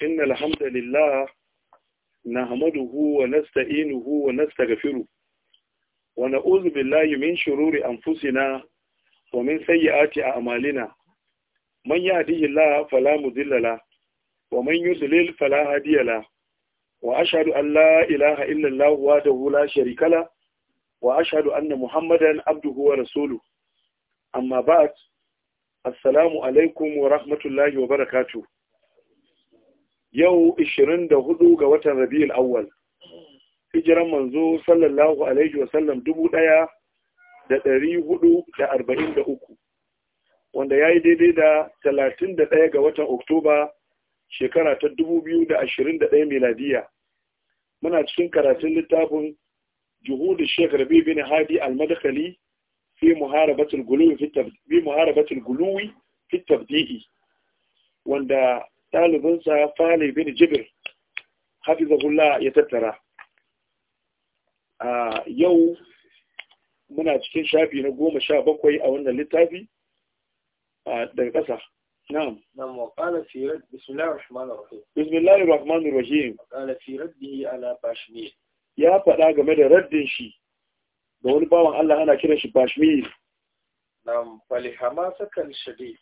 inna alhamdulillah na hamadu huwa nasta inu huwa nasta gafiru wani uzu billahi min shiruri anfusina. fusina wa min sayi ati a amalina man yi hadihillah fala mudillala wa man yi zulil fala hadiyala wa ashadu an la ilaha illallah wa da hula sharikala wa ashadu anna muhammadan abdu huwa rasulu amma ba'at assalamu alaikum wa rahmatullahi wa barakatu. yau 24 ga watan rabi'ul awwal hijiran manzo sallallahu alaihi wasallam 1443 wanda yayi daidai da 31 ga watan oktoba shekara ta 2021 miladiya muna cikin karatun littafin juhud Sheikh Rabi bin Hadi al-Madkhali fi muharabatul guluwi fi muharabatul wanda ɗalibinsa Fale bin Jibir hafizahullah ya tattara a yau muna cikin shafi na goma sha bakwai a wannan littafi daga ƙasa نعم نعم وقال في رد بسم الله الرحمن الرحيم بسم الله الرحمن الرحيم وقال في رده على باشمير يا فدا game da raddin shi da wani bawan Allah ana kiran shi Bashmir Na fali sakan shadid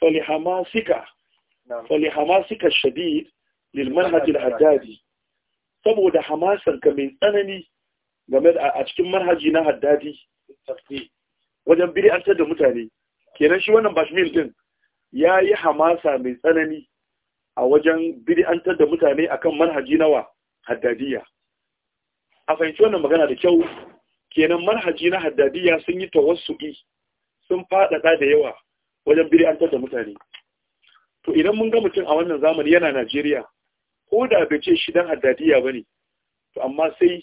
fali sika. فلحماسك الشديد للمنهج haddadi, saboda ka mai tsanani game da a cikin manhaji na haddadi wajen bid'antar da mutane kenan shi wannan bashmir din ya yi hamasa mai tsanani a wajen bid'antar da mutane akan manhaji nawa haddadiya a fahimci wannan magana da kyau kenan manhaji na haddadiya sun yi tawassu'i sun faɗaɗa da yawa wajen bid'antar da mutane to idan mun ga mutum a wannan zamani yana Najeriya ko da bai ce shi dan addadiya bane to amma sai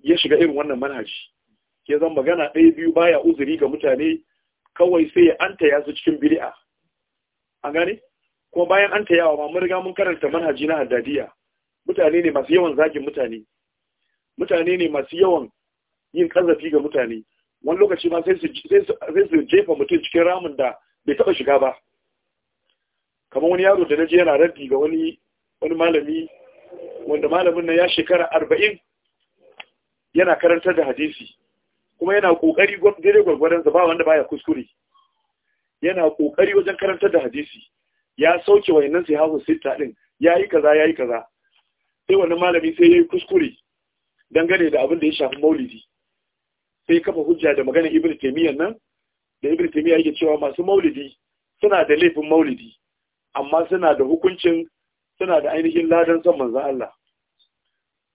ya shiga irin wannan manhaji ya zan magana ɗaya biyu baya uzuri ga mutane kawai sai ya anta ya cikin bid'a an gane kuma bayan anta yawa ma mun riga mun karanta manhaji na haddadiya mutane ne masu yawan zagin mutane mutane ne masu yawan yin kazafi ga mutane wani lokaci ma sai su jefa mutum cikin ramin da bai taɓa shiga ba kamar wani yaro da na je yana raddi ga wani wani malami wanda malamin nan ya shekara arba'in yana karantar da hadisi kuma yana kokari daidai gwargwadon ba wanda baya kuskure yana kokari wajen karantar da hadisi ya sauke wayannan sai hawo sita din yi kaza ya yi kaza sai wani malami sai ya yi kuskure dangane da abin da ya shafi maulidi sai kafa hujja da magana ibn taymiyyah nan da ibn taymiyyah yake cewa masu maulidi suna da laifin maulidi amma suna da hukuncin suna da ainihin ladan son manzan Allah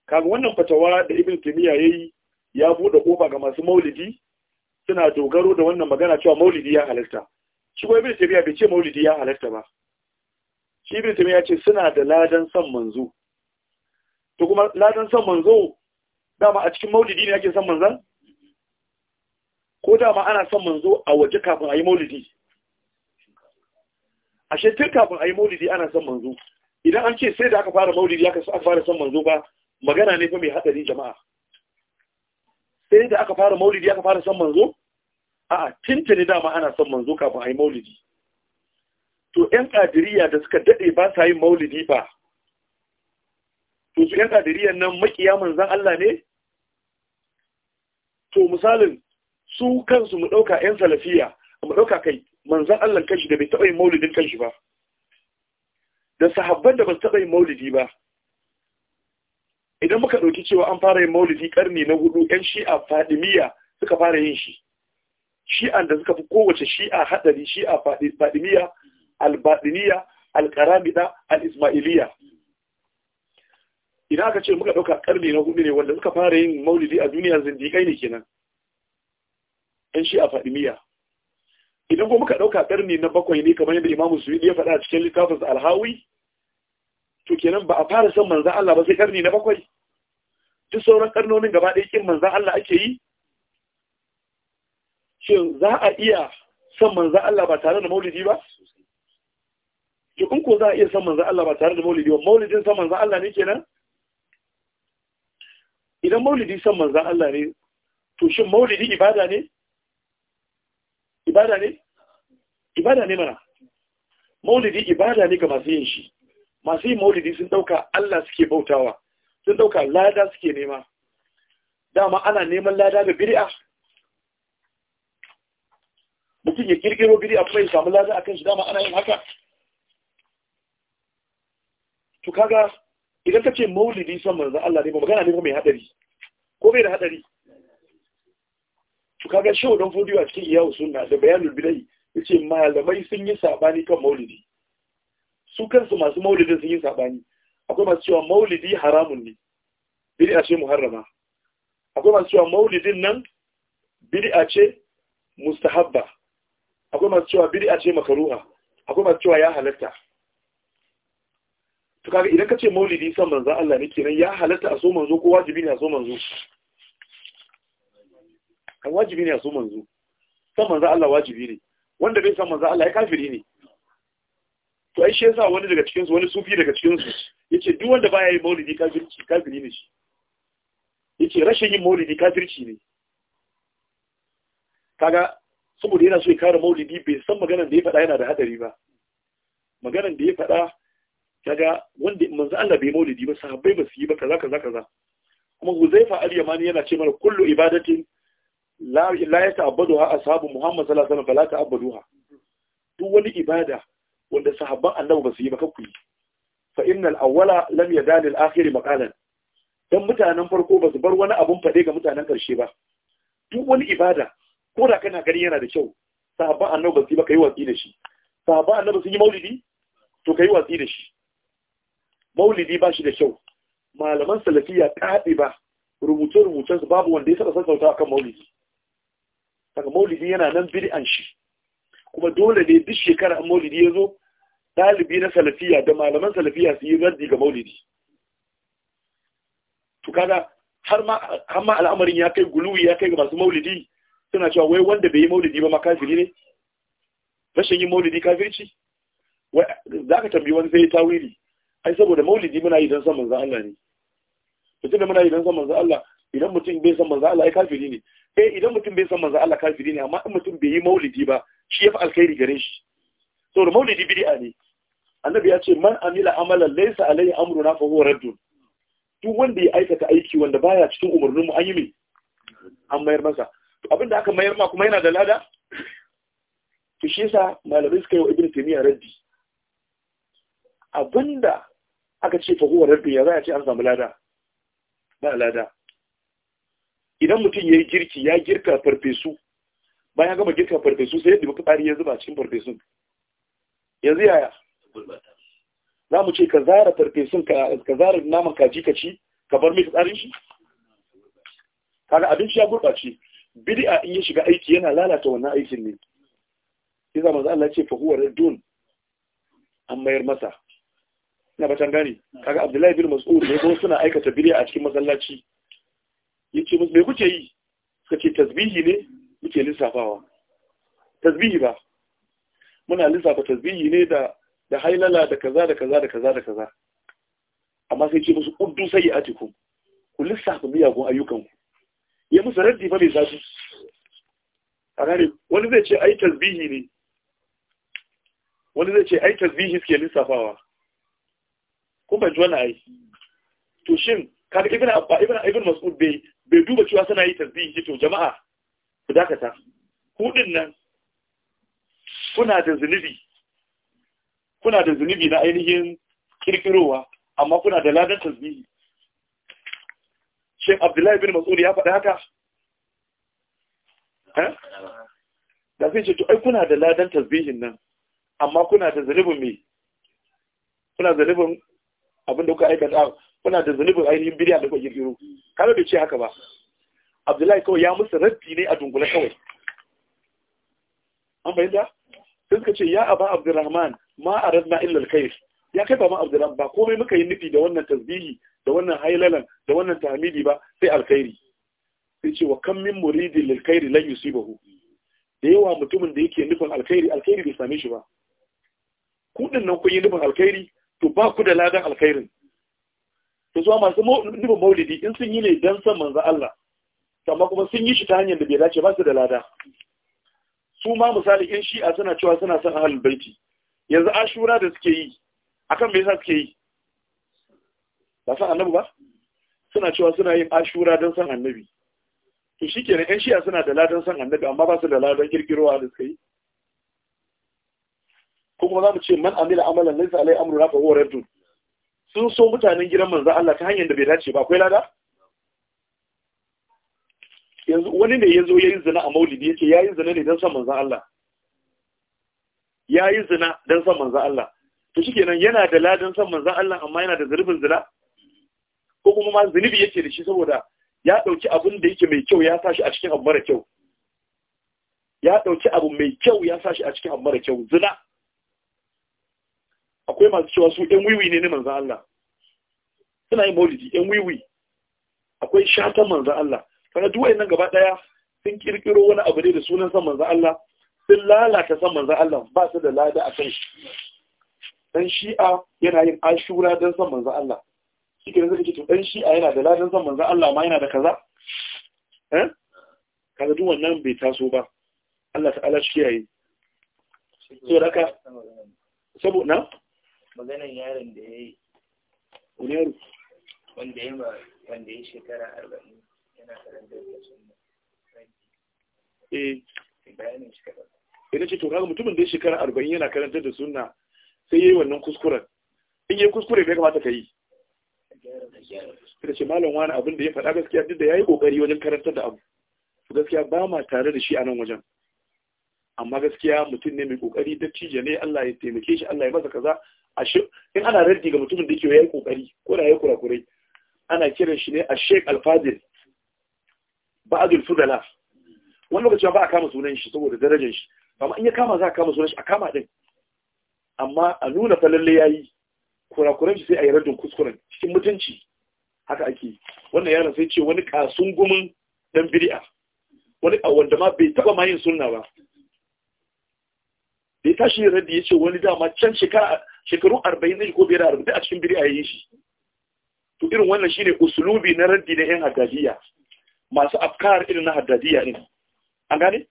kaga wannan fatawa da ibn timiya yi ya bude kofa ga masu maulidi suna dogaro da wannan magana cewa maulidi ya halarta shi ko ibn timiya bai ce maulidi ya halarta ba shi ibn timiya ya ce suna da ladan son manzo to kuma ladan son manzo dama a cikin maulidi ne ake son manzan ko dama ana son manzo a waje kafin a yi maulidi ashe tun kafin a yi maulidi ana son manzo idan an ce sai da aka fara maulidi aka fara son manzo ba magana ne fa mai hatsari jama'a sai da aka fara maulidi aka fara son manzo a'a tintini dama ana son manzo kafin a yi maulidi to ƴan kadiriya da suka dade ba sa yin maulidi ba to su ƴan nan makiya manzan Allah ne to misalin su kansu mu ɗauka ƴan salafiya mu ɗauka kai manzan Allah kanshi da bai taɓa yin maulidin kanshi ba da sahabban da ba su taɓa yin maulidi ba idan muka ɗauki cewa an fara yin maulidi ƙarni na hudu yan shi'a fadimiyya suka fara yin shi shi'an da suka fi kowace shi'a haɗari shi'a fadimiyya albadiniya alƙaramida al'ismailiya idan aka ce muka ɗauka ƙarni na hudu ne wanda suka fara yin maulidi a duniya zindiƙai ne kenan yan shi'a fadimiyya idan kuma ka ɗauka ƙarni na bakwai ne kamar yadda imamu su ya faɗa a cikin littafinsa alhawi to kenan ba a fara son manzan Allah ba sai ƙarni na bakwai duk sauran ƙarnonin gaba ɗaya kin manzan Allah ake yi shin za a iya son manzan Allah ba tare da maulidi ba to in ko za a iya son manzan Allah ba tare da maulidi ba maulidin son manzan Allah ne kenan idan maulidi son manzan Allah ne to shin maulidi ibada ne ibada ne ibada ne mana maulidi ibada ne ga masu yin shi masu yin maulidi sun dauka Allah suke bautawa sun dauka lada suke nema dama ana neman lada ga biri'a? mutum ya kirkiro biri'a kuma ya samu lada akan shi dama ana yin haka to kaga idan ka ce maulidi son manzan Allah ne ba magana ne mai hadari ko bai da hadari to kaga shi wadon fodiyo a cikin iyawu suna da bayanul bidai ce malamai sun yi sabani kan maulidi su kansu masu maulidin sun yi sabani akwai masu cewa maulidi haramun ne a ce muharrama akwai masu cewa maulidin nan a ce mustahabba akwai masu cewa a ce makaruha akwai masu cewa ya halatta to kaga idan ka ce maulidi san manzon Allah ne kenan ya halatta a so manzo ko wajibi ne a so manzo kan wajibi ne a so manzo san manzo Allah wajibi ne wanda bai san manzo Allah ya kafiri ne to ai shi yasa wani daga cikin su wani sufi daga cikin su yace duk wanda baya yin maulidi kafirci kafiri ne shi yace rashin yin maulidi kafirci ne kaga saboda yana so ya kare maulidi bai san maganar da ya faɗa yana da hadari ba maganar da ya faɗa kaga wanda manzo Allah bai maulidi ba sahabbai ba su yi ba kaza kaza kaza kuma Huzaifa al-Yamani yana ce mana kullu ibadatin la ya ta'abbadu ha ashabu Muhammad sallallahu alaihi wasallam fala ta'abbadu ha duk wani ibada wanda sahabban annabi ba su yi ba kanku fa innal awwala lam yadal al akhir maqalan dan mutanen farko ba su bar wani abun fade ga mutanen karshe ba duk wani ibada ko da kana gani yana da kyau sahabban annabi ba su yi ba kai watsi da shi sahabban annabi sun yi maulidi to kai watsi da shi maulidi ba shi da kyau malaman salafiya kaɗi ba rubuce-rubucensu babu wanda ya saba sassauta akan maulidi saka maulidi yana nan bid'an shi kuma dole ne duk shekara an maulidi ya zo ɗalibi na salafiya da malaman salafiya su yi zardi ga maulidi to kaga har ma al'amarin ya kai guluwi ya kai ga masu maulidi suna cewa wai wanda bai yi maulidi ba ma kafiri ne rashin yin maulidi kafirci za ka tambayi wani sai tawili ai saboda maulidi muna yi don san manzan Allah ne mutum da muna yi don san manzan Allah idan mutum bai san manzan Allah ai kafiri ne eh idan mutum bai san manzo Allah kafiri ne amma in mutum bai yi maulidi ba shi ya yafi alkhairi gare shi to maulidi bid'a ne annabi ya ce man amila amalan laysa alayhi amruna fa huwa raddun duk wanda ya aikata aiki wanda baya cikin umarnin mu an yi mai an mayar masa To abinda aka mayar ma kuma yana da lada to shi yasa malamai suka yi wa ibnu taymiya raddi abinda aka ce fa huwa raddun ya za a ce an samu lada ba lada idan mutum ya yi girki ya girka farfesu bayan gama girka farfesu sai yadda fitsari ya zuba cikin farfesun yanzu yaya za mu ce ka zara farfesun ka zara naman kaji ka ci ka bar mai tsarin shi kaga abinci ya gurbace, bid'a in ya shiga aiki yana lalata wannan aikin ne iza manzo Allah ya ce fa huwa radun an mayar masa ina batan gani kaga Abdullahi bin Mas'ud ne ko suna aikata bid'a a cikin masallaci yake ce musu mai kuke yi suka ce tasbihi ne muke lissafawa tasbihi ba muna lissafa tasbihi ne da da hailala da kaza da kaza da kaza da kaza amma sai ce musu uddu sai atikum ku lissafa miyagun ku. ya musu raddi fa mai zafi a gane wani zai ce ai tasbihi ne wani zai ce ai tasbihi suke lissafawa kuma ji wani ai to shin kaga ibn abba ibn ibn mas'ud bai bai duba cewa suna yi tasbihi ce to jama'a ku dakata hudin nan kuna da zunubi kuna da zunubi na ainihin kirkirowa amma kuna da ladan tasbihi Sheikh Abdullahi bin Mas'ud ya faɗa haka eh? da sai ce to ai kuna da ladan tasbihin nan amma kuna da zunubin me kuna zunubin abin da kuka aikata kuna da zunubin ainihin bidiya da kuka kirkiro Kada bai ce haka ba abdullahi kawai ya musu rabbi ne a dungula kawai an da sai suka ce ya aba abdurrahman ma a aradna illal alkhair ya kai ma abdurrahman ba komai muka yi nufi da wannan tasbihi da wannan hailalan da wannan tahmidi ba sai alkhairi sai ce wa kam min muridin lil khairi lan yusibahu da yawa mutumin da yake nufin alkhairi alkhairi bai same shi ba Kuɗin nan kun yi nufin alkhairi to ba ku da ladan alkhairin to su masu nufin maulidi in sun yi ne don san manzan Allah amma kuma sun yi shi ta hanyar da bai dace ba su da lada su ma misali in a suna cewa suna son ahalin baiti yanzu ashura da suke yi akan me sa suke yi ba san annabi ba suna cewa suna yin ashura don san annabi to shikenan yan shi'a suna da ladan san annabi amma ba su da ladan kirkirowa da suka yi kuma za mu ce man amila amalan laysa alai amruna fa huwa raddun sun so mutanen gidan manzan Allah ta hanyar da bai dace ba akwai lada yanzu wani ne ya zo ya yi zina a maulidi ya ce ya yi zina ne don san manzan Allah ya yi zina don san manzan Allah to shi kenan yana da ladan san manzan Allah amma yana da zurbin zina ko kuma ma zunubi yake da shi saboda ya ɗauki abin da yake mai kyau ya sashi a cikin abu mara kyau ya ɗauki abu mai kyau ya sashi a cikin abu mara kyau zina akwai masu cewa su yan wiwi ne na manzan Allah suna yin maulidi yan wiwi akwai shatan manzan Allah kaga duk nan gaba ɗaya sun kirkiro wani abu ne da sunan san manzan Allah sun lalata san manzan Allah ba su da lada a kan shi dan shi'a yana yin ashura dan san manzan Allah shi ke zai ce to dan shi'a yana da ladan san manzan Allah ma yana da kaza eh kaga duk wannan bai taso ba Allah ta'ala shi yayi saboda haka saboda maganan yaron da ya yi wanda ya wanda ya eh. shekara arba'in yana karanta da sunna eh shi ce to kaga mutumin da ya shekara arba'in yana karantar da suna sai ya yi wannan kuskuren in yi kuskure bai kamata ka yi da ce malam wani abin da ya faɗa gaskiya duk da ya yi ƙoƙari wajen karantar da abu to gaskiya ba ma tare da shi a nan wajen amma gaskiya mutum ne mai ƙoƙari da cije ne Allah ya taimake shi Allah ya masa kaza in ana raddi ga mutumin da yake yayi kokari ko da yayi kurakure ana kiran shi ne a Sheikh Al-Fadil ba'dul fudala wani lokaci ba a kama sunan shi saboda darajar shi amma in ya kama za a kama sunan shi a kama din amma a nuna fa lalle yayi kurakuran shi sai a yi raddin kuskuren cikin mutunci haka ake wannan yaron sai ce wani kasun gumin dan bid'a wani wanda ma bai taba ma yin sunna ba da ya tashi raddi ya ce wani dama can shekara shekaru 40 ne ko biyar arba'in a cikin biri a yayin shi to irin wannan shine usulubi na raddi na yan haddadiya masu afkar irin na haddadiya din an gane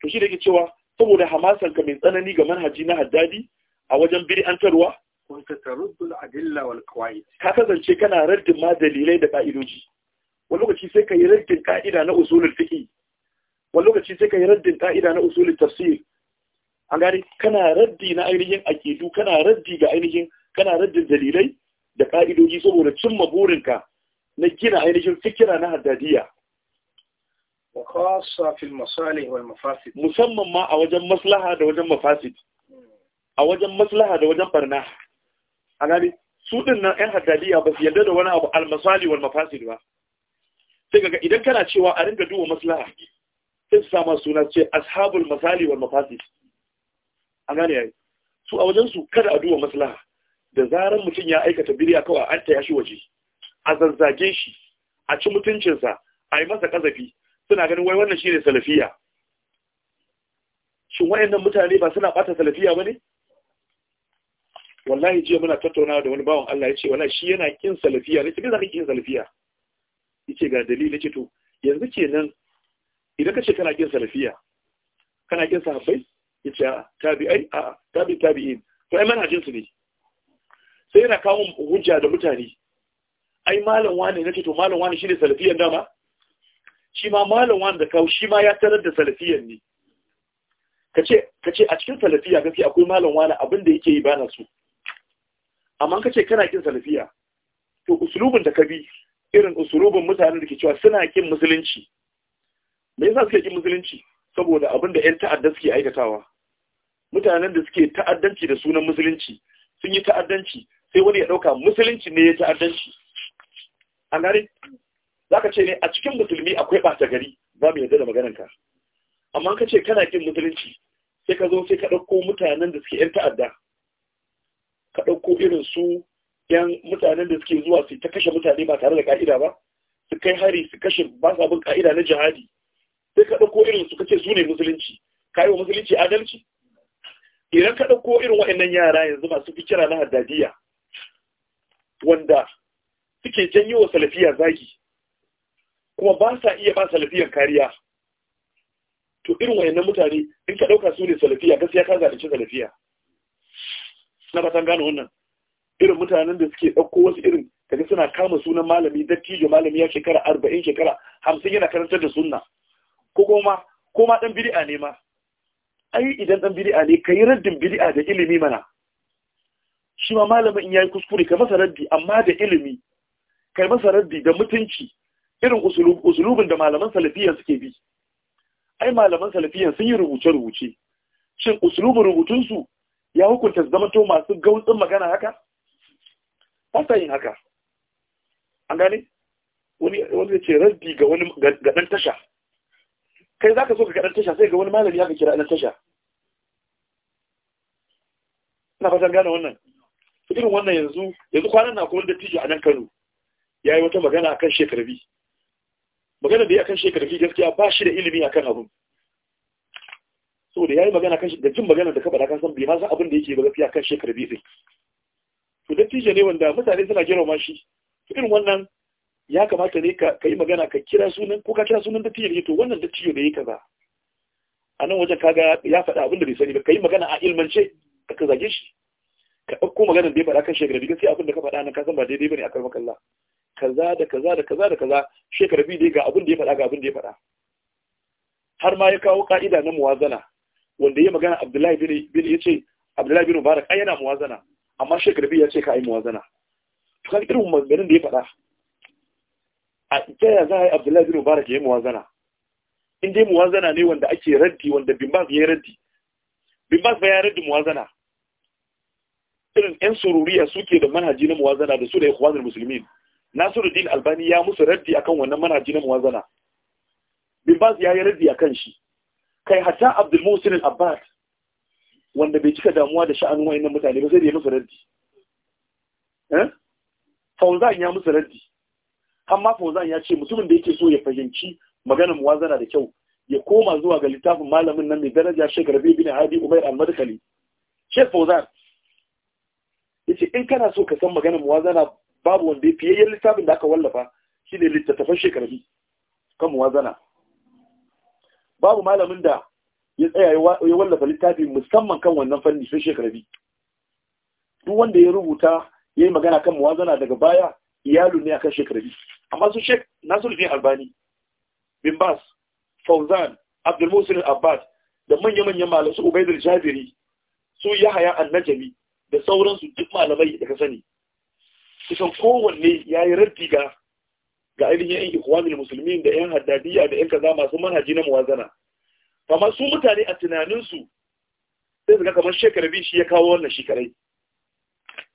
to shi da yake cewa saboda hamasan ka mai tsanani ga manhaji na haddadi a wajen biri an bid'antarwa kunta taruddul adilla wal qawaid ka kasance kana raddin ma dalilai da ka'idoji wani lokaci sai ka yi raddin ka'ida na usulul fiqh wani lokaci sai ka yi raddin ka'ida na usulul tafsir an gari kana raddi na ainihin akidu kana raddi ga ainihin kana raddin dalilai da ka'idoji saboda cimma burinka na gina ainihin fikira na haddadiya wa khassa fil masalih wal mafasid musamman ma a wajen maslaha da wajen mafasid a wajen maslaha da wajen barna a gari su din nan ɗan haddadiya ba su yarda da wani abu almasali wal mafasid ba sai ga idan kana cewa a ringa duba maslaha sai su sama suna ce ashabul masali wal mafasid an gane yayi su a wajen su kada a duba maslaha da zaran mutum ya aikata biriya kawai an taya shi waje a zazzage shi a ci mutuncinsa a yi masa kazafi suna ganin wai wannan shine salafiya shin wayannan mutane ba suna bata salafiya bane wallahi jiya muna tattaunawa da wani bawan Allah ya ce wallahi shi yana kin salafiya ne kin zaka kin salafiya yace ga dalili yace to yanzu kenan idan kace kana kin salafiya kana kin sahabbai yace ah, tabi'ai a ah, tabi tabi'in to ai manhajin su ne sai yana kawo hujja da mutane ai malam wani nake to malam wani shine salafiyan dama shi ma malam wani da kawo shi ma ya tarar da salafiyan ne kace kace a cikin salafiya gaske akwai malam wani abin da yake yi bana su amma kace kana kin salafiya to usulubin da ka bi irin usulubin mutanen da ke cewa suna kin musulunci me yasa suke kin musulunci saboda abin da 'yan ta'adda suke aikatawa mutanen da suke ta'addanci da sunan musulunci sun yi ta'addanci sai wani ya ɗauka musulunci ne ya ta'addanci A gari za ka ce ne a cikin musulmi akwai ɓata gari za mu yarda da maganarka amma ka ce kana kin musulunci sai ka zo sai ka ɗauko mutanen da suke 'yan ta'adda ka ɗauko irin su 'yan mutanen da suke zuwa su ta kashe mutane ba tare da ka'ida ba su kai hari su kashe ba sa bin ka'ida na jihadi sai ka ɗauko irin su ka ce su ne musulunci ka yi wa musulunci adalci idan ka ɗauko irin waɗannan yara yanzu masu fikira na haddadiya wanda suke janyo wa salafiya zagi kuma ba sa iya ba salafiyan kariya to irin waɗannan mutane in ka ɗauka su ne salafiya gaskiya ka zalunci salafiya na san gane wannan irin mutanen da suke ɗauko wasu irin kaga suna kama sunan malami dattijo malami ya shekara arba'in shekara hamsin yana karantar da sunna ko kuma ko ma ɗan bid'a ne ma ai idan dan bid'a ne kai raddin bid'a da ilimi mana shi ma malamin in yayi kuskure ka masa raddi amma da ilimi kai masa raddi da mutunci irin usulubin da malaman salafiyya suke bi ai malaman salafiyya sun yi rubuce rubuce shin usulubin rubutun su ya hukunta zama to masu gautsin magana haka ba yin haka an gane wani wani ce raddi ga wani ga dan tasha kai za ka so ka kaɗan tasha sai ga wani malami ya ka kira ɗan tasha ina fatan gane wannan irin wannan yanzu yanzu kwanan na kuma da tijo a nan kano ya yi wata magana a kan shekarbi magana da ya kan shekarbi gaskiya ba shi da ilimi a kan abin da ya yi magana kan da jin magana da ka faɗa san bai ma san abin da yake ba gaskiya kan shekarbi din to da tijo ne wanda mutane suna girma shi irin wannan ya kamata ne ka yi magana ka kira sunan ko ka kira sunan dattijo ne to wannan dattijo da yake ba. a nan wajen kaga ya faɗa abin da bai sani ba ka yi magana a ilmance ka zage shi ka ɗauko magana da ya faɗa kan shekara biyu gaskiya abin da ka faɗa nan ka san ba daidai bane a karɓar kalla kaza da kaza da kaza da kaza shekara biyu dai ga abin da ya faɗa ga abin da ya faɗa har ma ya kawo ka'ida na muwazana wanda ya magana Abdullahi bin ya ce Abdullahi bin Mubarak ai yana muwazana amma shekara biyu ya ce ka yi muwazana to kan irin maganganun da ya faɗa a ta ya za a yi abdullahi bin mubarak ya yi muwazana in dai muwazana ne wanda ake raddi wanda bin bas ya yi raddi bin bas ba ya raddi muwazana irin yan sururiya suke da manhaji na muwazana da su da ikhwanul muslimin nasiruddin albani ya musu raddi akan wannan manhaji na muwazana bin bas ya yi raddi akan shi kai hatta abdul musin al-abbas wanda bai cika damuwa da sha'anin wayannan mutane ba sai da ya musu raddi eh fauzan ya musu raddi Amma ma fauzan ya ce mutumin da yake so ya fahimci maganar muwazana da kyau ya koma zuwa ga littafin malamin nan mai daraja shi garbe bin Hadi Umair Al-Madkhali Sheikh Fauzan yace in kana so ka san maganar muwazana babu wanda yafi fiye littafin da aka wallafa shine littattafan shi garbe kan muwazana babu malamin da ya tsaya ya wallafa littafi musamman kan wannan fanni sai Sheikh Rabi duk wanda ya rubuta yayi magana kan muwazana daga baya iyalu ne akan shekara biyu amma su shek nasiruddin albani bin bas fauzan abdul musin abbas da manya-manyan malasu ubaidul jabiri su yahaya annajami da sauransu duk malamai da ka sani kusan kowanne ya yi raddi ga ga ainihin yan ikwamin musulmi da yan haddadiya da yan kaza masu manhaji na muwazana amma su mutane a tunaninsu sai su ga kamar biyu shi ya kawo wannan shekarai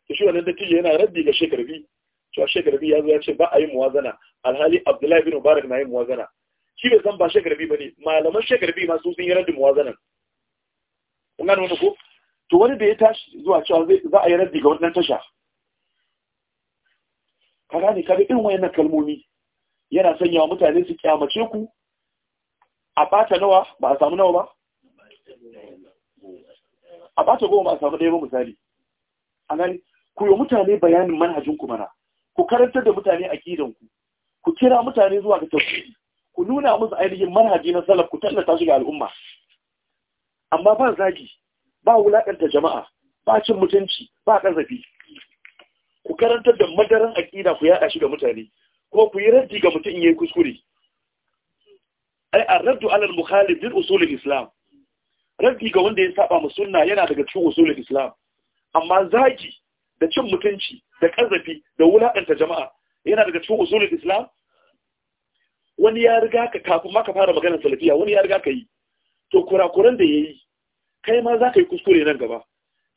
to shi wannan dattijo yana raddi ga biyu. cewa shekarabi ya zo ya ce ba a yi muwazana alhali abdullahi bin mubarak na yi muwazana shi bai san ba biyu ba ne malaman biyu ma sun yi raddi muwazanan kun gane wani ko to wani da ya tashi zuwa cewa za a yi raddi ga wannan tasha ka gane ka ga irin wayannan kalmomi yana sanyawa mutane su kyamace ku a bata nawa ba a samu nawa ba a bata goma ba a samu ɗaya ba misali a gani ku yi mutane bayanin manhajin ku mana ku karantar da mutane a ku ku kira mutane zuwa ga tauhidi ku nuna musu ainihin manhaji na salaf ku tallata shi ga al'umma amma ba zagi ba wulakanta jama'a ba cin mutunci ba ƙarfafi ku karantar da madaran aƙida ku yaɗa shi ga mutane ko ku yi raddi ga mutum yayi kuskure ai ar-raddu 'ala al-mukhalif bil usul al-islam raddi ga wanda ya saba mu sunna yana daga cikin usul al-islam amma zagi da cin mutunci da ƙazafi da wulaƙanta jama'a yana daga cikin usulul islam wani ya riga ka kafin ma ka fara maganar salafiya wani ya riga ka yi to kurakuran da yayi kai ma za ka yi kuskure nan gaba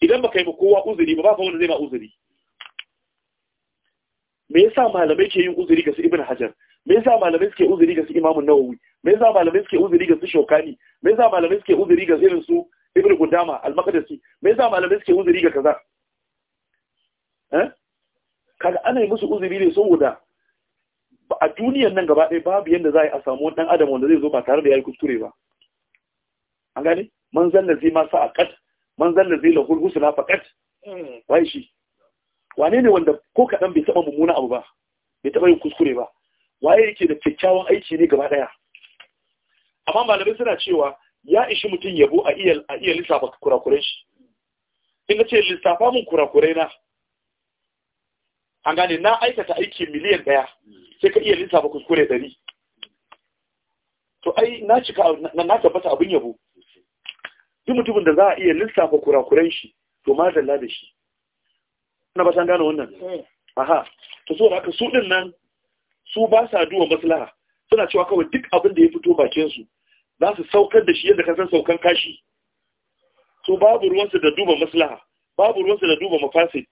idan ba kai ma kowa uzuri ba ba fa wani zai ma uzuri me yasa malamai ke yin uzuri ga su ibn hajar me yasa malamai suke uzuri ga su imam nawawi me yasa malamai suke uzuri ga su shokani me yasa malamai suke uzuri ga irin su ibn gudama al-maqdisi me yasa malamai suke uzuri ga kaza Eh? kaga ana yi musu uzuri ne saboda a duniyan nan gaba ɗaya babu yadda za a yi a samu ɗan adam wanda zai zo ba tare da ya yi kuskure ba an gane man zalla zai masa a kat man zalla zai lahul husna fa kat wai shi wane ne wanda ko kaɗan bai taɓa mummuna abu ba bai taɓa yin kuskure ba waye yake da kyakkyawan aiki ne gaba ɗaya amma malamai suna cewa ya ishi mutum yabo a iya lissafa kurakuren shi in ce lissafa min kurakurai na an gane na aikata aiki miliyan ɗaya sai ka iya lissafa kuskure ɗari to ai na cika na tabbata abin yabo duk mutumin da za a iya lissafa kurakuren shi to ma zalla da shi na ba san gane wannan aha to so haka su din nan su ba sa duwa maslaha suna cewa kawai duk abin da ya fito bakin su za su saukar da shi yadda ka san saukan kashi su babu ruwansu da duba maslaha babu ruwansu da duba mafasid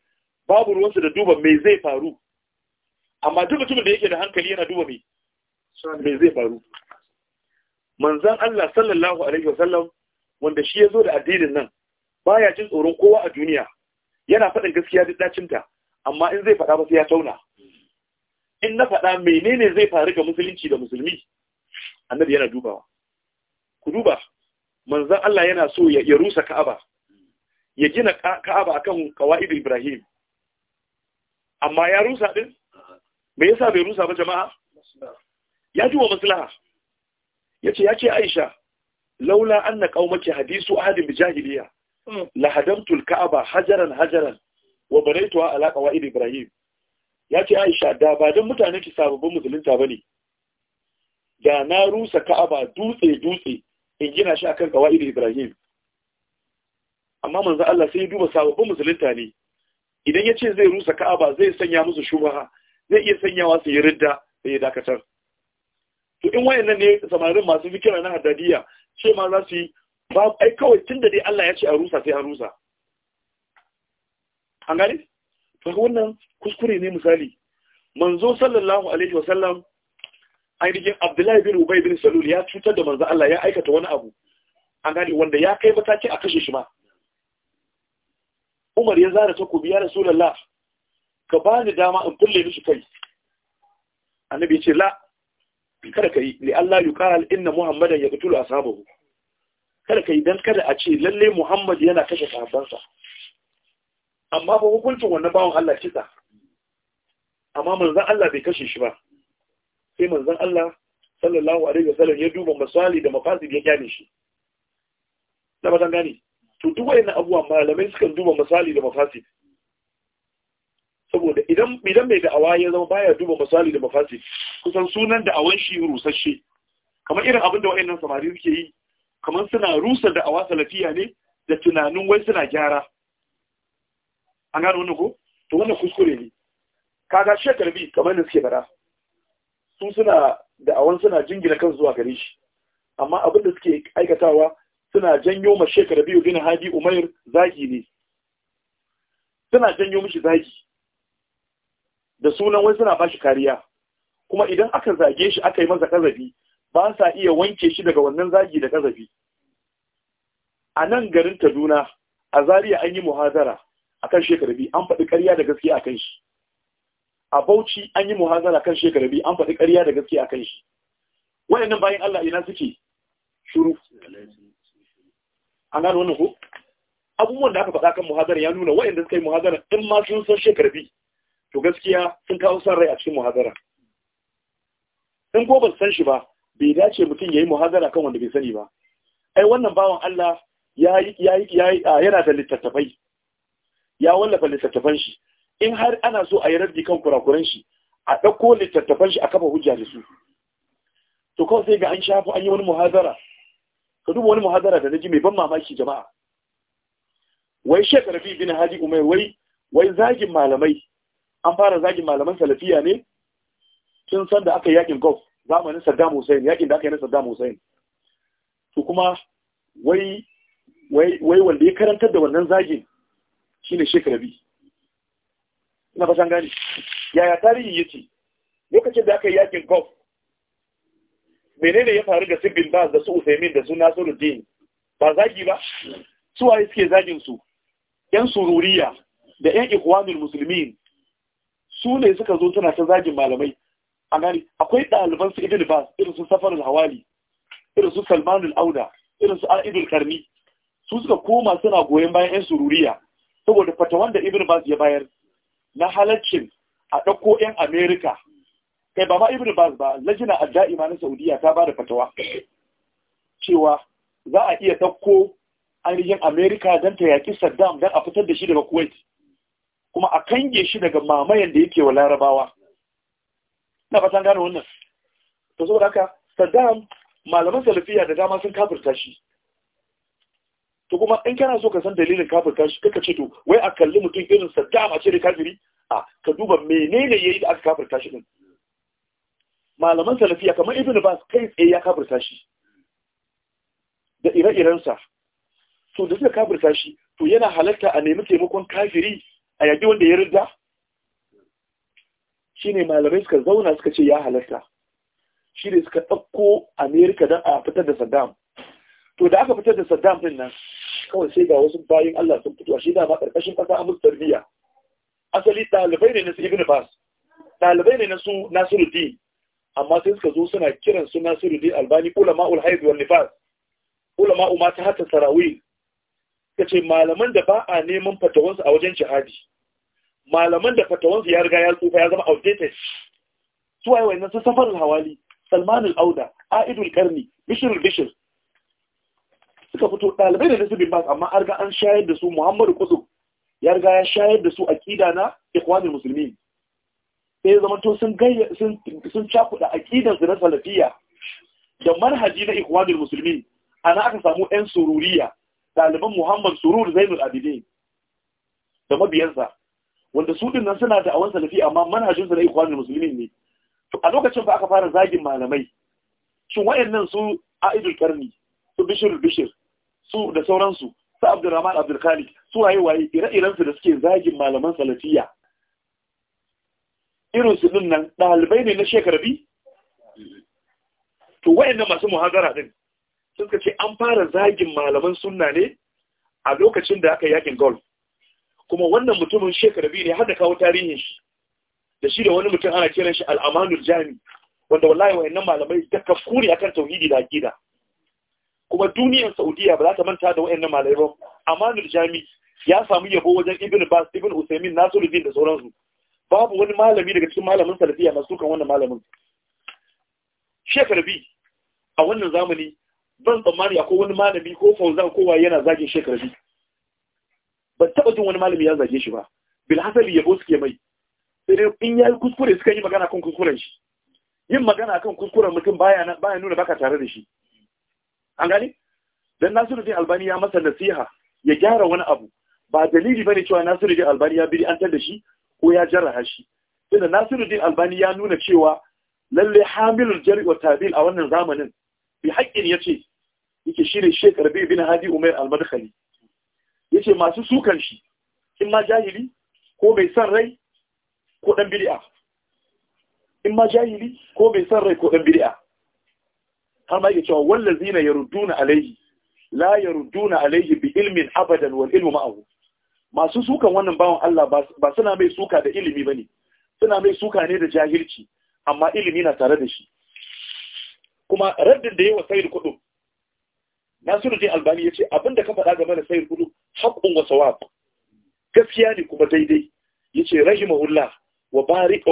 babu ruwansu da duba mai zai faru amma duk mutumin da yake da hankali yana duba mai, me zai faru manzan Allah sallallahu alaihi wa sallam, wanda shi ya zo da addinin nan baya jin tsoron kowa a duniya yana faɗin gaskiya duk ta amma in zai faɗa ba sai ya tauna in na faɗa menene zai faru ga musulunci da musulmi annabi yana dubawa ku duba manzon Allah yana so ya rusa Ka'aba ya gina Ka'aba akan kawaid Ibrahim amma ya rusa din me yasa bai rusa ba jama'a ya duba maslaha yace yake Aisha laula anna qaumaki hadisu ahadin bi jahiliya hmm. la hadamtu al-ka'aba hajaran hajaran wa banaituha ala qawaid ibrahim yace Aisha da ba dan mutane ki sababbin musulunta bane da na rusa ka'aba dutse dutse in gina shi akan qawaid ibrahim amma manzo Allah sai ya duba sababbin musulunta ne idan ya ce zai rusa ka'aba zai sanya musu shubaha zai iya sanyawa su yi ridda da ya dakatar to in wayannan ne samarin masu fikira na hadadiya ce ma za su yi ba ai kawai tunda dai Allah ya ce a rusa sai a rusa an gane to wannan kuskure ne misali manzo sallallahu alaihi wa sallam ainihin Abdullahi bin Ubay bin Salul ya cutar da manzo Allah ya aikata wani abu an gani wanda ya kai mataki a kashe shi ma Umar ya zara takobi ya Rasulullah ka bani dama in kulle mishi kai annabi ya ce la kada ka yi li Allah yuqal inna muhammadan yaqtulu ashabahu kada ka yi dan kada a ce lalle Muhammad yana kashe sahabbansa amma ba hukuncin wannan bawon Allah kisa amma manzon Allah bai kashe shi ba sai manzon Allah sallallahu alaihi wasallam ya duba masali da mafasid ya kyale shi na batan gani to duk wayannan abuwa malamai sukan duba misali da mafasid saboda idan idan mai da'awa ya zama baya duba misali da mafasid kusan sunan awan shi rusasshe kamar irin abin da wayannan samari suke yi kamar suna rusa awa salafiya ne da tunanin wai suna gyara an gano wannan ko to wannan kuskure ne kaga shi karbi kamar da suke fara su suna awan suna jingina kan zuwa gare shi amma abin da suke aikatawa suna janyo ma Sheikh Rabi'u bin Hadi Umair zagi ne suna janyo mishi zagi da sunan wai suna bashi kariya kuma idan aka zage shi aka yi masa kazabi ba sa iya wanke shi daga wannan zagi da kazabi a nan garin Kaduna a Zaria an yi muhazara akan Sheikh Rabi an faɗi ƙarya da a akan shi a Bauchi an yi muhazara kan Sheikh Rabi an faɗi ƙarya da a akan shi wayannan bayan Allah ina suke shuru ana gano wannan ko abubuwan da aka faɗa kan muhazara ya nuna waɗanda suka yi muhadara in ma sun san shekarbi to gaskiya sun kawo san rai a cikin muhazara in ko ba su san shi ba bai dace mutum ya yi muhazara kan wanda bai sani ba ai wannan bawan Allah yana da littattafai ya wallafa littattafan shi in har ana so a yi rabbi kan kurakuran shi a ɗauko littattafan shi a kafa hujja da su to kawai sai ga an shafi an yi wani muhazara ka duba wani muhadara da naji mai ban mamaki jama'a wai Sheikh rafi bin haji Umar wai wai zagin malamai an fara zagin malaman salafiya ne tun san da aka yakin Gulf zamanin Saddam Hussein yakin da aka yi na Saddam Hussein to kuma wai wai wai wanda ya karantar da wannan zagin shine shek Rabi ina fatan gani yaya tarihi yace lokacin da aka yi yakin Gulf menene ya faru da su ba da su usaimin da su Nasiru din ba zagi ba su waye suke zagin su yan sururiya da yan ikhwanul muslimin su ne suka zo suna ta zagin malamai a gani akwai ɗaliban su ibn bas irin su safarul hawali irin su salmanul auda irin su aidul karni su suka koma suna goyon bayan yan sururiya saboda fatawan da ibn bas ya bayar na halaccin a ɗauko yan amerika kai eh, ba ma ibn baz ba lajina adda'ima na saudiya ta bada fatawa cewa za a iya tako ainihin amerika don ta yaƙi saddam don a fitar da shi daga kuwait kuma a kange shi daga mamayen da yake wa larabawa na fatan gane wannan to saboda haka saddam malaman salafiya da dama sun kafirta shi to kuma in kana so ka san dalilin kafirta shi kaka ce to wai a kalli mutum irin saddam a ce da kafiri a ka duba menene yayi da aka kafirta shi din malaman salafiya kamar ibn bas kai tsaye ya kafirta shi da ire-irensa to da suka kafirta shi to yana halatta a nemi taimakon kafiri a yaƙi wanda ya ridda ne malamai suka zauna suka ce ya halatta shi ne suka ɗauko amerika don a fitar da saddam to da aka fitar da saddam din nan kawai sai ga wasu bayan allah sun fito shi ma ƙarƙashin ƙasa a musu tarbiyya asali ɗalibai ne na su ibn bas ɗalibai ne na su nasiruddin amma sai suka zo suna kiran su da Albani ulama ul haid wal nifas ulama ma ta hatta Ka kace malaman da ba a neman fatawansu a wajen jihadi malaman da fatawansu ya riga ya tsufa ya zama outdated su waye wannan sun safar hawali Salman al-Auda Aidul Karni Bishr al suka fito dalibai da su bin amma an an shayar da su Muhammadu Kudu ya riga ya shayar da su aqida na ikhwanul muslimin sai zama to sun gayya sun sun cakuda aqidan su na salafiya da manhaji na ikhwanul muslimin ana aka samu ɗan sururiya ɗaliban Muhammad Surur Zainul Abidin da mabiyansa wanda su ɗin nan suna da awan salafi amma manhajin su na ikhwanul muslimin ne a lokacin ba aka fara zagin malamai shin wayannan su Aidul Karni su Bishir Bishir su da sauransu su Abdulrahman Abdul su waye waye ire-iren da suke zagin malaman salafiya? irin su din nan ɗalibai ne na bi? to wayannan masu muhazara din sun ka ce an fara zagin malaman sunna ne a lokacin da aka yakin gol. kuma wannan mutumin bi ne hada kawo tarihin shi da shi da wani mutum ana kiran shi al'amanul jami wanda wallahi wayannan malamai da kafuri akan tauhidi da aqida kuma duniyar saudiya ba za ta manta da wayannan malamai ba amanul jami ya samu yabo wajen ibn bas ibn usaimin nasiruddin da sauransu babu wani malami daga cikin malamin salafiya masu kan wannan malamin shekarbi a wannan zamani ban tsammani akwai wani malami ko fauzan kowa yana zagin shekarbi ba taɓa jin wani malami ya zage shi ba bil hasali yabo suke mai sai in ya kuskure suka yi magana kan kuskuren shi yin magana kan kuskuren mutum baya nuna baka tare da shi an gani dan din albani ya masa nasiha ya gyara wani abu ba dalili bane cewa din albani ya biri an tar da shi ko ya jarraha shi tunda Nasiruddin Albani ya nuna cewa lalle hamilul jari wa tabil a wannan zamanin bi haƙƙin ce? yake shine Sheikh Rabi bin Hadi Umar al-Madkhali ce masu sukan shi in ma jahili ko mai san rai ko ɗan bidi'a. in ma jahili ko mai san rai ko dan bid'a har ma yake cewa wallazina yarudduna alaihi la yarudduna alaihi bi ilmin abadan wal ilmu ma'ahu masu sukan wannan bawan Allah ba suna mai suka da ilimi ba ne suna mai suka ne da jahilci amma ilimi na tare da shi kuma raddin da yawa sayar kudu nasiru jin albani ya ce abinda ka faɗa game da sayar kudu haƙƙun wa gaskiya ne kuma daidai ya ce rahimahullah wa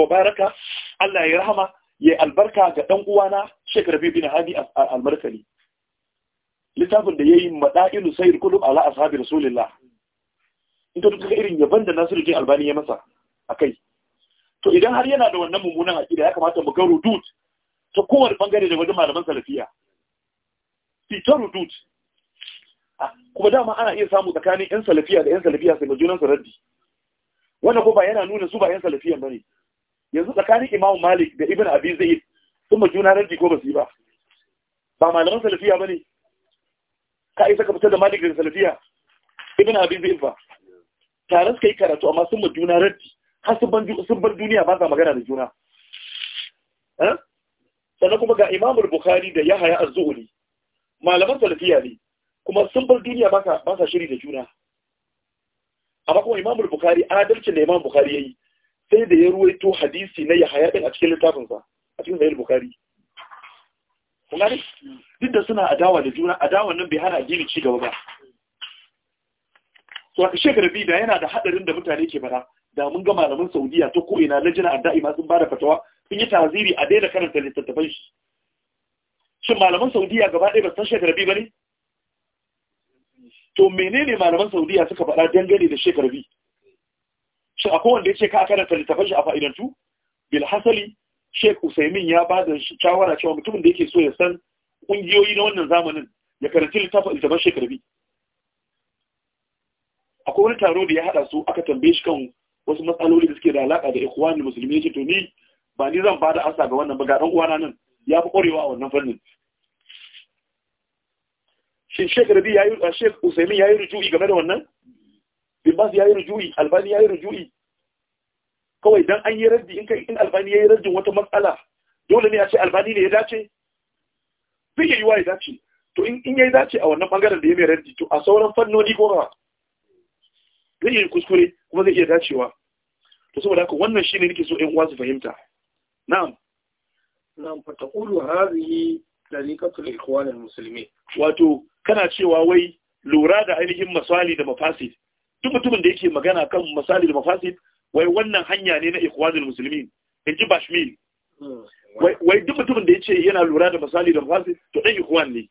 baraka Allah ya rahama ya albarka ga ɗan uwana shekar biyu na hadi almarkali littafin da ya yi maɗa'ilu sayar kudu ala ashabi rasulillah in ka duka irin yaban da jin Albani ya masa a kai. to idan har yana da wannan mummunan da ya kamata mu ga rudut ta kowane bangare da wajen malaman salafiya ta rudut. kuma dama ana iya samu tsakanin yan salafiya da yan salafiya sai majunan su raddi wannan ko ba yana nuna su ba yan salafiya ne. yanzu tsakanin Imam Malik da Ibn Abi Zaid sun majuna raddi ko ba su yi ba ba malaman salafiya ba ne? ka isa ka fita da Malik da salafiya Ibn Abi Zaid ba tare suka yi karatu amma sun ma juna raddi har sun bar duniya ba za magana da juna eh? sannan kuma ga imamul bukhari da yahaya az-zuhri malaman salafiya ne kuma sun bar duniya ba sa shiri da juna amma kuma imamul bukhari adalcin da imam bukhari yayi sai da ya ruwaito hadisi na yahaya din a cikin littafinsa a cikin sahih bukhari kuma duk da suna adawa da juna adawan nan bai hana addini ci gaba ba so haka shekar da yana da hadarin da mutane ke bara, da mun ga malaman saudiya ta ko ina lajina adda'i ma sun bada fatawa sun yi taziri a daina karanta littattafan shi shin malaman saudiya gaba ɗaya ba san shekar bi ne? to menene malaman saudiya suka faɗa dangane da shekar bi shin akwai wanda ya ce ka karanta littattafan shi a fa'idantu bil hasali Sheikh Usaimin ya ba da shawara cewa mutumin da yake so ya san ƙungiyoyi na wannan zamanin ya karanci littattafan shekar bi akwai wani taro da ya haɗa su aka tambaye shi kan wasu matsaloli da suke da alaƙa da ikhwanul musulmi ce to ni ba ni zan bada asa ga wannan ba ga dan uwana nan ya fi ƙwarewa a wannan fannin shin shek Rabi yayi shek Usaimin yi rujui game da wannan Bin Bas yi rujui Albani ya yi rujui kawai dan an yi raddi in kai in Albani ya yi raddin wata matsala dole ne a ce Albani ne ya dace zai yi wa ya dace to in in yi dace a wannan bangaren da ya mai raddi to a sauran fannoni ko ba zai iya kuskure kuma zai iya dacewa to saboda haka wannan shine nake so ɗan uwa su fahimta na'am na'am fa taqulu hadhihi tariqatul ikhwan almuslimin wato kana cewa wai lura da ainihin masali da mafasid duk mutumin da yake magana kan masali da mafasid wai wannan hanya ne na ikhwanul muslimin in ji bashmil hmm. wai duk mutumin da yace yana lura da misali da mafasid to dai ikhwan ne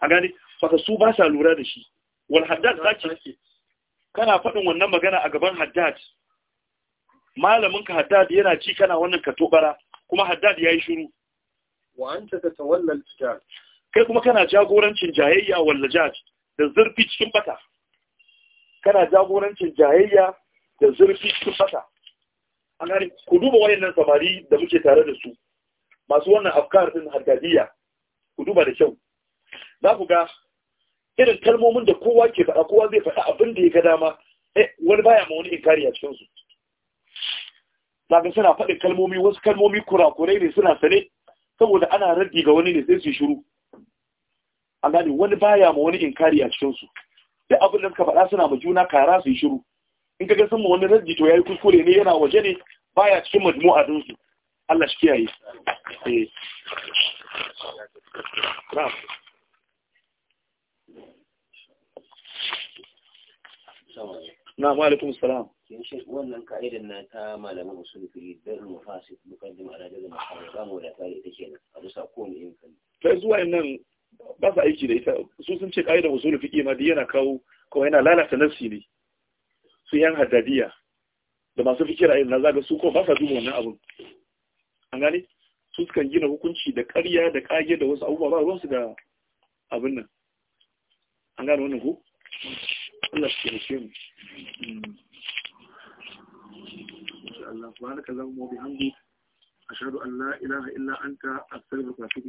a gani fa su ba sa lura da shi wal haddad zaki kana faɗin wannan magana a gaban haddad malamin ka haddad yana ci kana wannan ka tobara kuma haddad yayi shiru wa anta tatawalla al-tijaj kai kuma kana jagorancin jayayya wal jaj da zurfi cikin bata kana jagorancin jayayya da zurfi cikin bata an gari ku duba wayannan samari da muke tare da su masu wannan afkar din haddadiya ku duba da kyau za ku ga irin kalmomin da kowa ke faɗa kowa zai faɗa abin da ya ga dama eh, wani baya ma wani inkari a cikinsu daga suna faɗin kalmomi wasu kalmomi kurakurai ne suna sane saboda ana raddi ga wani ne sai su shiru a gane wani baya ma wani inkari a cikinsu duk abin da suka faɗa suna ma juna kara su shiru in ka ga sun ma wani raddi to yayi kuskure ne yana waje ne baya cikin majmu'a su Allah shi kiyaye eh na malikun salam wannan ka'idar na ta malamin usul fi darul mufasid mukaddim ala dalil muhammad ba mu da tare ita kenan a bisa ne yankan? kai zuwa nan ba sa aiki da ita su sun ce ka'idar usul fi ma da yana kawo kuma yana lalata nafsi ne su yan haddadiya da masu fikira irin na zaga su ko ba sa dubo wannan abun an gane su kan gina hukunci da ƙarya da ƙage da wasu abubuwa ba ruwansu da abin nan an gane wannan ko Allah shi ke mu Allah subhanaka Allahumma wa bihamdika ashhadu an la ilaha illa anta astaghfiruka wa atubu